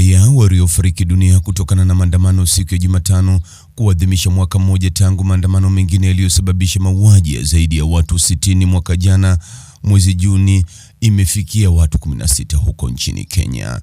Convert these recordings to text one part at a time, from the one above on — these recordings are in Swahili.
raia waliofariki dunia kutokana na maandamano siku ya Jumatano kuadhimisha mwaka mmoja tangu maandamano mengine yaliyosababisha mauaji ya zaidi ya watu 60 mwaka jana mwezi Juni imefikia watu 16 huko nchini Kenya.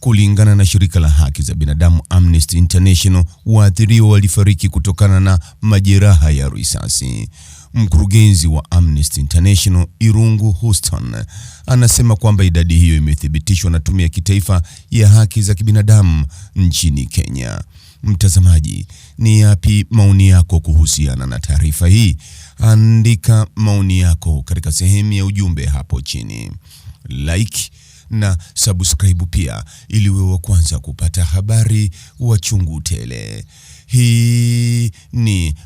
Kulingana na shirika la haki za binadamu Amnesty International, waathiriwa walifariki kutokana na majeraha ya risasi. Mkurugenzi wa Amnesty International Irungu Houston anasema kwamba idadi hiyo imethibitishwa na Tume ya Kitaifa ya Haki za Kibinadamu nchini Kenya. Mtazamaji, ni yapi maoni yako kuhusiana na taarifa hii? Andika maoni yako katika sehemu ya ujumbe hapo chini. Like na subscribe pia ili uwe wa kwanza kupata habari wa chungu tele. Hii